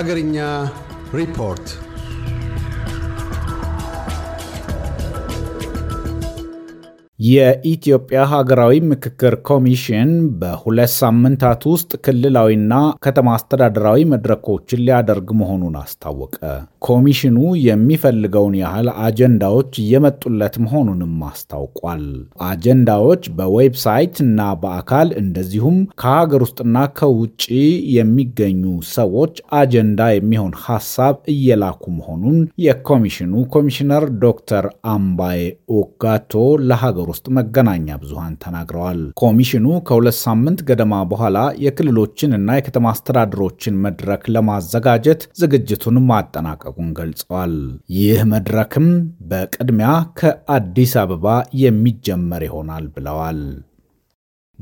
ሀገርኛ ሪፖርት የኢትዮጵያ ሀገራዊ ምክክር ኮሚሽን በሁለት ሳምንታት ውስጥ ክልላዊና ከተማ አስተዳደራዊ መድረኮችን ሊያደርግ መሆኑን አስታወቀ። ኮሚሽኑ የሚፈልገውን ያህል አጀንዳዎች እየመጡለት መሆኑንም አስታውቋል። አጀንዳዎች በዌብሳይት እና በአካል እንደዚሁም ከሀገር ውስጥና ከውጭ የሚገኙ ሰዎች አጀንዳ የሚሆን ሀሳብ እየላኩ መሆኑን የኮሚሽኑ ኮሚሽነር ዶክተር አምባዬ ኦጋቶ ለሀገሩ ውስጥ መገናኛ ብዙሃን ተናግረዋል። ኮሚሽኑ ከሁለት ሳምንት ገደማ በኋላ የክልሎችን እና የከተማ አስተዳደሮችን መድረክ ለማዘጋጀት ዝግጅቱን ማጠናቀቁን ገልጸዋል። ይህ መድረክም በቅድሚያ ከአዲስ አበባ የሚጀመር ይሆናል ብለዋል።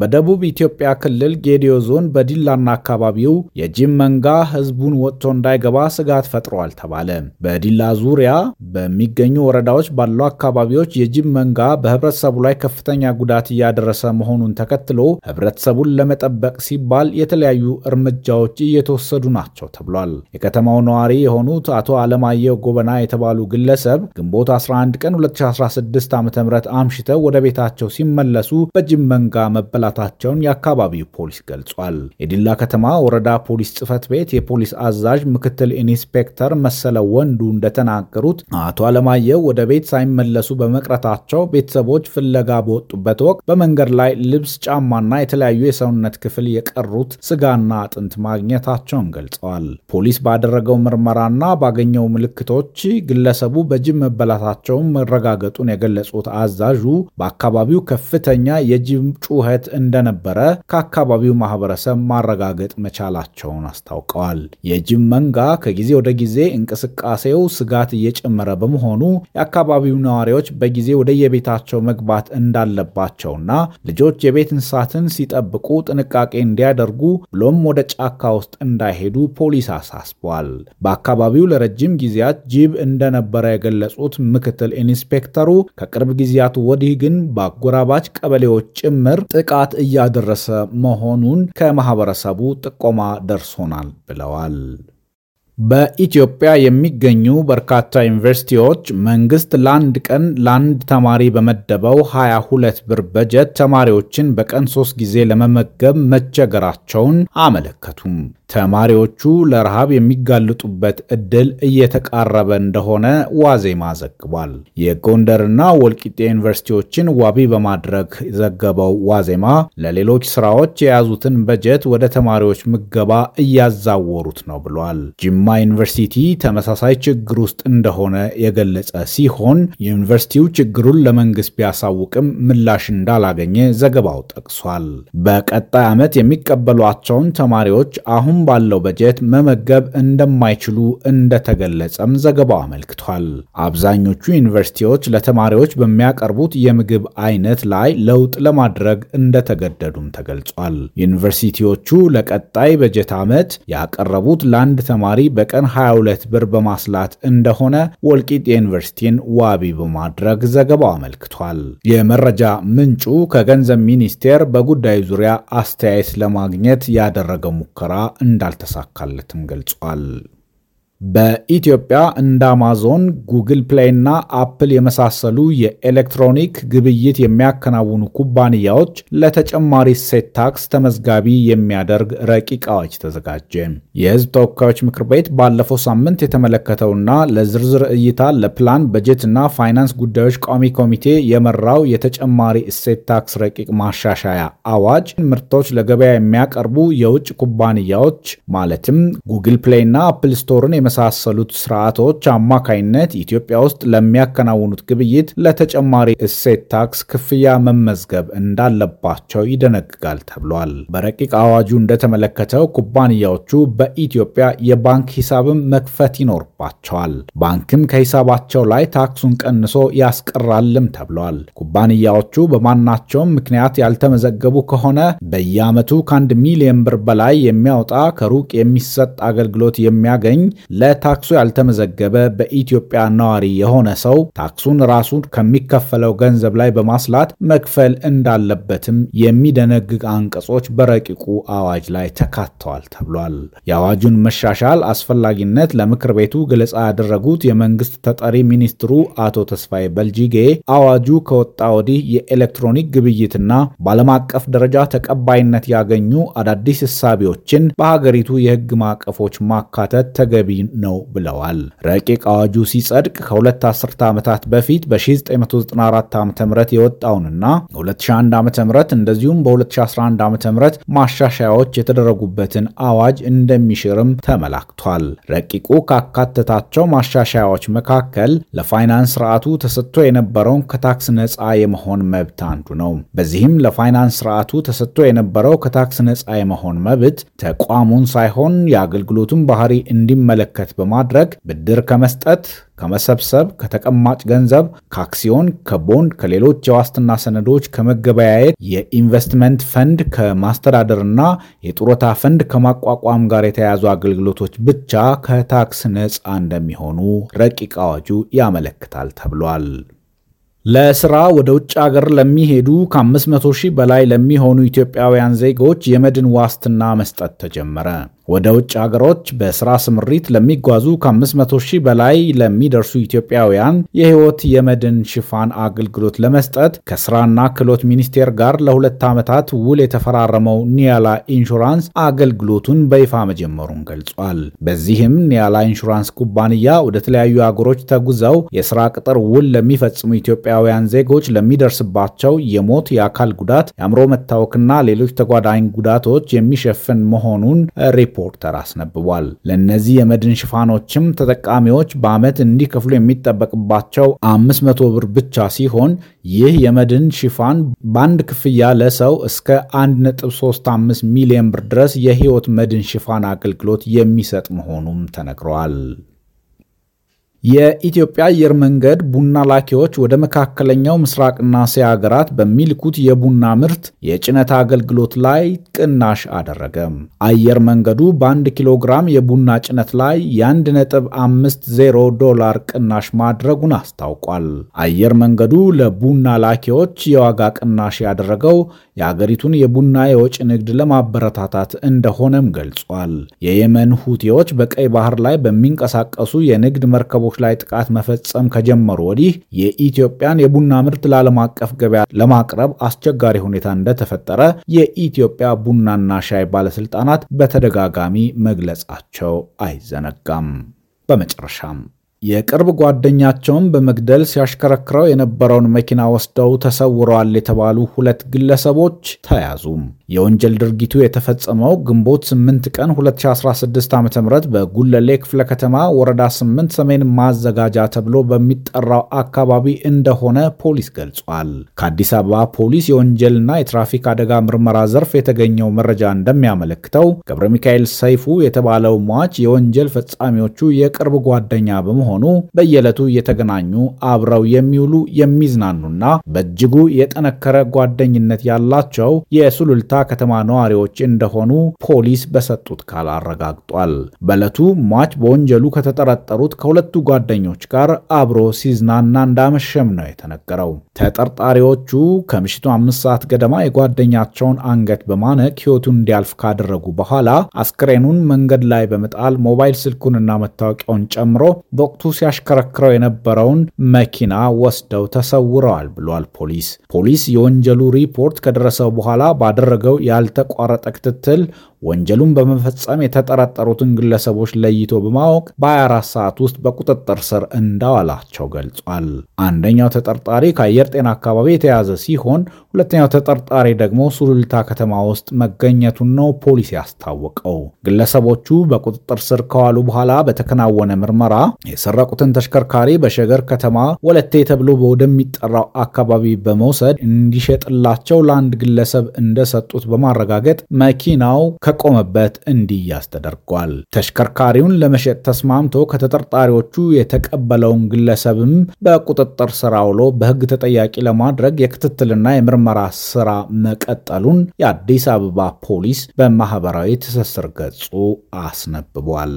በደቡብ ኢትዮጵያ ክልል ጌዲዮ ዞን በዲላና አካባቢው የጅም መንጋ ህዝቡን ወጥቶ እንዳይገባ ስጋት ፈጥሯል ተባለ። በዲላ ዙሪያ በሚገኙ ወረዳዎች ባሉ አካባቢዎች የጅም መንጋ በህብረተሰቡ ላይ ከፍተኛ ጉዳት እያደረሰ መሆኑን ተከትሎ ህብረተሰቡን ለመጠበቅ ሲባል የተለያዩ እርምጃዎች እየተወሰዱ ናቸው ተብሏል። የከተማው ነዋሪ የሆኑት አቶ አለማየሁ ጎበና የተባሉ ግለሰብ ግንቦት 11 ቀን 2016 ዓ ም አምሽተው ወደ ቤታቸው ሲመለሱ በጅም መንጋ መበላ መላላታቸውን የአካባቢው ፖሊስ ገልጿል። የዲላ ከተማ ወረዳ ፖሊስ ጽህፈት ቤት የፖሊስ አዛዥ ምክትል ኢንስፔክተር መሰለ ወንዱ እንደተናገሩት አቶ አለማየሁ ወደ ቤት ሳይመለሱ በመቅረታቸው ቤተሰቦች ፍለጋ በወጡበት ወቅት በመንገድ ላይ ልብስ፣ ጫማና የተለያዩ የሰውነት ክፍል የቀሩት ስጋና አጥንት ማግኘታቸውን ገልጸዋል። ፖሊስ ባደረገው ምርመራና ባገኘው ምልክቶች ግለሰቡ በጅብ መበላታቸውን መረጋገጡን የገለጹት አዛዡ በአካባቢው ከፍተኛ የጅብ ጩኸት እንደነበረ ከአካባቢው ማህበረሰብ ማረጋገጥ መቻላቸውን አስታውቀዋል። የጅብ መንጋ ከጊዜ ወደ ጊዜ እንቅስቃሴው ስጋት እየጨመረ በመሆኑ የአካባቢው ነዋሪዎች በጊዜ ወደ የቤታቸው መግባት እንዳለባቸውና ልጆች የቤት እንስሳትን ሲጠብቁ ጥንቃቄ እንዲያደርጉ ብሎም ወደ ጫካ ውስጥ እንዳይሄዱ ፖሊስ አሳስቧል። በአካባቢው ለረጅም ጊዜያት ጅብ እንደነበረ የገለጹት ምክትል ኢንስፔክተሩ ከቅርብ ጊዜያቱ ወዲህ ግን በአጎራባች ቀበሌዎች ጭምር ጥቃት ጥቃት እያደረሰ መሆኑን ከማህበረሰቡ ጥቆማ ደርሶናል ብለዋል። በኢትዮጵያ የሚገኙ በርካታ ዩኒቨርሲቲዎች መንግስት ለአንድ ቀን ለአንድ ተማሪ በመደበው 22 ብር በጀት ተማሪዎችን በቀን ሶስት ጊዜ ለመመገብ መቸገራቸውን አመለከቱም። ተማሪዎቹ ለረሃብ የሚጋለጡበት ዕድል እየተቃረበ እንደሆነ ዋዜማ ዘግቧል። የጎንደርና ወልቂጤ ዩኒቨርሲቲዎችን ዋቢ በማድረግ ዘገበው ዋዜማ ለሌሎች ስራዎች የያዙትን በጀት ወደ ተማሪዎች ምገባ እያዛወሩት ነው ብሏል። ጅማ ዩኒቨርሲቲ ተመሳሳይ ችግር ውስጥ እንደሆነ የገለጸ ሲሆን ዩኒቨርሲቲው ችግሩን ለመንግስት ቢያሳውቅም ምላሽ እንዳላገኘ ዘገባው ጠቅሷል። በቀጣይ ዓመት የሚቀበሏቸውን ተማሪዎች አሁን እስካሁን ባለው በጀት መመገብ እንደማይችሉ እንደተገለጸም ዘገባው አመልክቷል። አብዛኞቹ ዩኒቨርሲቲዎች ለተማሪዎች በሚያቀርቡት የምግብ አይነት ላይ ለውጥ ለማድረግ እንደተገደዱም ተገልጿል። ዩኒቨርሲቲዎቹ ለቀጣይ በጀት ዓመት ያቀረቡት ለአንድ ተማሪ በቀን 22 ብር በማስላት እንደሆነ ወልቂጥ የዩኒቨርሲቲን ዋቢ በማድረግ ዘገባው አመልክቷል። የመረጃ ምንጩ ከገንዘብ ሚኒስቴር በጉዳዩ ዙሪያ አስተያየት ለማግኘት ያደረገው ሙከራ እንዳልተሳካለትም ገልጿል። በኢትዮጵያ እንደ አማዞን፣ ጉግል ፕሌይ እና አፕል የመሳሰሉ የኤሌክትሮኒክ ግብይት የሚያከናውኑ ኩባንያዎች ለተጨማሪ ሴት ታክስ ተመዝጋቢ የሚያደርግ ረቂቅ አዋጅ ተዘጋጀ። የሕዝብ ተወካዮች ምክር ቤት ባለፈው ሳምንት የተመለከተውና ለዝርዝር እይታ ለፕላን በጀት እና ፋይናንስ ጉዳዮች ቋሚ ኮሚቴ የመራው የተጨማሪ እሴት ታክስ ረቂቅ ማሻሻያ አዋጅ ምርቶች ለገበያ የሚያቀርቡ የውጭ ኩባንያዎች ማለትም ጉግል ፕሌይ እና አፕል ስቶርን በመሳሰሉት ስርዓቶች አማካይነት ኢትዮጵያ ውስጥ ለሚያከናውኑት ግብይት ለተጨማሪ እሴት ታክስ ክፍያ መመዝገብ እንዳለባቸው ይደነግጋል ተብሏል። በረቂቅ አዋጁ እንደተመለከተው ኩባንያዎቹ በኢትዮጵያ የባንክ ሂሳብም መክፈት ይኖርባቸዋል። ባንክም ከሂሳባቸው ላይ ታክሱን ቀንሶ ያስቀራልም ተብሏል። ኩባንያዎቹ በማናቸውም ምክንያት ያልተመዘገቡ ከሆነ በየዓመቱ ከአንድ ሚሊዮን ብር በላይ የሚያወጣ ከሩቅ የሚሰጥ አገልግሎት የሚያገኝ ለታክሱ ያልተመዘገበ በኢትዮጵያ ነዋሪ የሆነ ሰው ታክሱን ራሱን ከሚከፈለው ገንዘብ ላይ በማስላት መክፈል እንዳለበትም የሚደነግግ አንቀጾች በረቂቁ አዋጅ ላይ ተካተዋል ተብሏል። የአዋጁን መሻሻል አስፈላጊነት ለምክር ቤቱ ገለጻ ያደረጉት የመንግስት ተጠሪ ሚኒስትሩ አቶ ተስፋዬ በልጂጌ አዋጁ ከወጣ ወዲህ የኤሌክትሮኒክ ግብይትና በዓለም አቀፍ ደረጃ ተቀባይነት ያገኙ አዳዲስ እሳቢዎችን በሀገሪቱ የህግ ማዕቀፎች ማካተት ተገቢ ነው ብለዋል። ረቂቅ አዋጁ ሲጸድቅ ከሁለት አስርተ ዓመታት በፊት በ1994 ዓ ም የወጣውንና 2001 ዓ ም እንደዚሁም በ2011 ዓ ም ማሻሻያዎች የተደረጉበትን አዋጅ እንደሚሽርም ተመላክቷል። ረቂቁ ካካተታቸው ማሻሻያዎች መካከል ለፋይናንስ ስርዓቱ ተሰጥቶ የነበረውን ከታክስ ነፃ የመሆን መብት አንዱ ነው። በዚህም ለፋይናንስ ስርዓቱ ተሰጥቶ የነበረው ከታክስ ነፃ የመሆን መብት ተቋሙን ሳይሆን የአገልግሎቱን ባህሪ እንዲመለከ እንዲመለከት በማድረግ ብድር ከመስጠት ከመሰብሰብ ከተቀማጭ ገንዘብ ከአክሲዮን ከቦንድ ከሌሎች የዋስትና ሰነዶች ከመገበያየት የኢንቨስትመንት ፈንድ ከማስተዳደርና የጡረታ ፈንድ ከማቋቋም ጋር የተያያዙ አገልግሎቶች ብቻ ከታክስ ነፃ እንደሚሆኑ ረቂቅ አዋጁ ያመለክታል ተብሏል። ለስራ ወደ ውጭ አገር ለሚሄዱ ከ500 ሺህ በላይ ለሚሆኑ ኢትዮጵያውያን ዜጎች የመድን ዋስትና መስጠት ተጀመረ። ወደ ውጭ ሀገሮች በስራ ስምሪት ለሚጓዙ ከ500 ሺህ በላይ ለሚደርሱ ኢትዮጵያውያን የህይወት የመድን ሽፋን አገልግሎት ለመስጠት ከስራና ክህሎት ሚኒስቴር ጋር ለሁለት ዓመታት ውል የተፈራረመው ኒያላ ኢንሹራንስ አገልግሎቱን በይፋ መጀመሩን ገልጿል። በዚህም ኒያላ ኢንሹራንስ ኩባንያ ወደ ተለያዩ አገሮች ተጉዘው የስራ ቅጥር ውል ለሚፈጽሙ ኢትዮጵያውያን ዜጎች ለሚደርስባቸው የሞት፣ የአካል ጉዳት፣ የአእምሮ መታወክና ሌሎች ተጓዳኝ ጉዳቶች የሚሸፍን መሆኑን ሪፖርት ሪፖርተር አስነብቧል። ለእነዚህ የመድን ሽፋኖችም ተጠቃሚዎች በዓመት እንዲከፍሉ የሚጠበቅባቸው 500 ብር ብቻ ሲሆን ይህ የመድን ሽፋን በአንድ ክፍያ ለሰው እስከ 1.35 ሚሊዮን ብር ድረስ የህይወት መድን ሽፋን አገልግሎት የሚሰጥ መሆኑም ተነግረዋል። የኢትዮጵያ አየር መንገድ ቡና ላኪዎች ወደ መካከለኛው ምስራቅና እስያ ሀገራት በሚልኩት የቡና ምርት የጭነት አገልግሎት ላይ ቅናሽ አደረገም። አየር መንገዱ በአንድ ኪሎ ግራም የቡና ጭነት ላይ የ1.50 ዶላር ቅናሽ ማድረጉን አስታውቋል። አየር መንገዱ ለቡና ላኪዎች የዋጋ ቅናሽ ያደረገው የአገሪቱን የቡና የወጭ ንግድ ለማበረታታት እንደሆነም ገልጿል። የየመን ሁቲዎች በቀይ ባህር ላይ በሚንቀሳቀሱ የንግድ መርከቦች ሰዎች ላይ ጥቃት መፈጸም ከጀመሩ ወዲህ የኢትዮጵያን የቡና ምርት ለዓለም አቀፍ ገበያ ለማቅረብ አስቸጋሪ ሁኔታ እንደተፈጠረ የኢትዮጵያ ቡናና ሻይ ባለስልጣናት በተደጋጋሚ መግለጻቸው አይዘነጋም። በመጨረሻም የቅርብ ጓደኛቸውን በመግደል ሲያሽከረክረው የነበረውን መኪና ወስደው ተሰውረዋል የተባሉ ሁለት ግለሰቦች ተያዙ። የወንጀል ድርጊቱ የተፈጸመው ግንቦት 8 ቀን 2016 ዓ ም በጉለሌ ክፍለ ከተማ ወረዳ 8 ሰሜን ማዘጋጃ ተብሎ በሚጠራው አካባቢ እንደሆነ ፖሊስ ገልጿል። ከአዲስ አበባ ፖሊስ የወንጀልና የትራፊክ አደጋ ምርመራ ዘርፍ የተገኘው መረጃ እንደሚያመለክተው ገብረ ሚካኤል ሰይፉ የተባለው ሟች የወንጀል ፈጻሚዎቹ የቅርብ ጓደኛ በመሆ በመሆኑ በየዕለቱ እየተገናኙ አብረው የሚውሉ የሚዝናኑና በእጅጉ የጠነከረ ጓደኝነት ያላቸው የሱሉልታ ከተማ ነዋሪዎች እንደሆኑ ፖሊስ በሰጡት ቃል አረጋግጧል። በዕለቱ ሟች በወንጀሉ ከተጠረጠሩት ከሁለቱ ጓደኞች ጋር አብሮ ሲዝናና እንዳመሸም ነው የተነገረው። ተጠርጣሪዎቹ ከምሽቱ አምስት ሰዓት ገደማ የጓደኛቸውን አንገት በማነቅ ሕይወቱን እንዲያልፍ ካደረጉ በኋላ አስክሬኑን መንገድ ላይ በመጣል ሞባይል ስልኩንና መታወቂያውን ጨምሮ በወቅቱ ወቅቱ ሲያሽከረክረው የነበረውን መኪና ወስደው ተሰውረዋል ብሏል ፖሊስ። ፖሊስ የወንጀሉ ሪፖርት ከደረሰው በኋላ ባደረገው ያልተቋረጠ ክትትል ወንጀሉን በመፈጸም የተጠረጠሩትን ግለሰቦች ለይቶ በማወቅ በ24 ሰዓት ውስጥ በቁጥጥር ስር እንዳዋላቸው ገልጿል። አንደኛው ተጠርጣሪ ከአየር ጤና አካባቢ የተያዘ ሲሆን ሁለተኛው ተጠርጣሪ ደግሞ ሱሉልታ ከተማ ውስጥ መገኘቱን ነው ፖሊስ ያስታወቀው። ግለሰቦቹ በቁጥጥር ስር ከዋሉ በኋላ በተከናወነ ምርመራ የሰረቁትን ተሽከርካሪ በሸገር ከተማ ወለቴ ተብሎ ወደሚጠራው አካባቢ በመውሰድ እንዲሸጥላቸው ለአንድ ግለሰብ እንደሰጡት በማረጋገጥ መኪናው ከቆመበት እንዲያዝ ተደርጓል። ተሽከርካሪውን ለመሸጥ ተስማምቶ ከተጠርጣሪዎቹ የተቀበለውን ግለሰብም በቁጥጥር ስር አውሎ በሕግ ተጠያቂ ለማድረግ የክትትልና የምርመራ ስራ መቀጠሉን የአዲስ አበባ ፖሊስ በማህበራዊ ትስስር ገጹ አስነብቧል።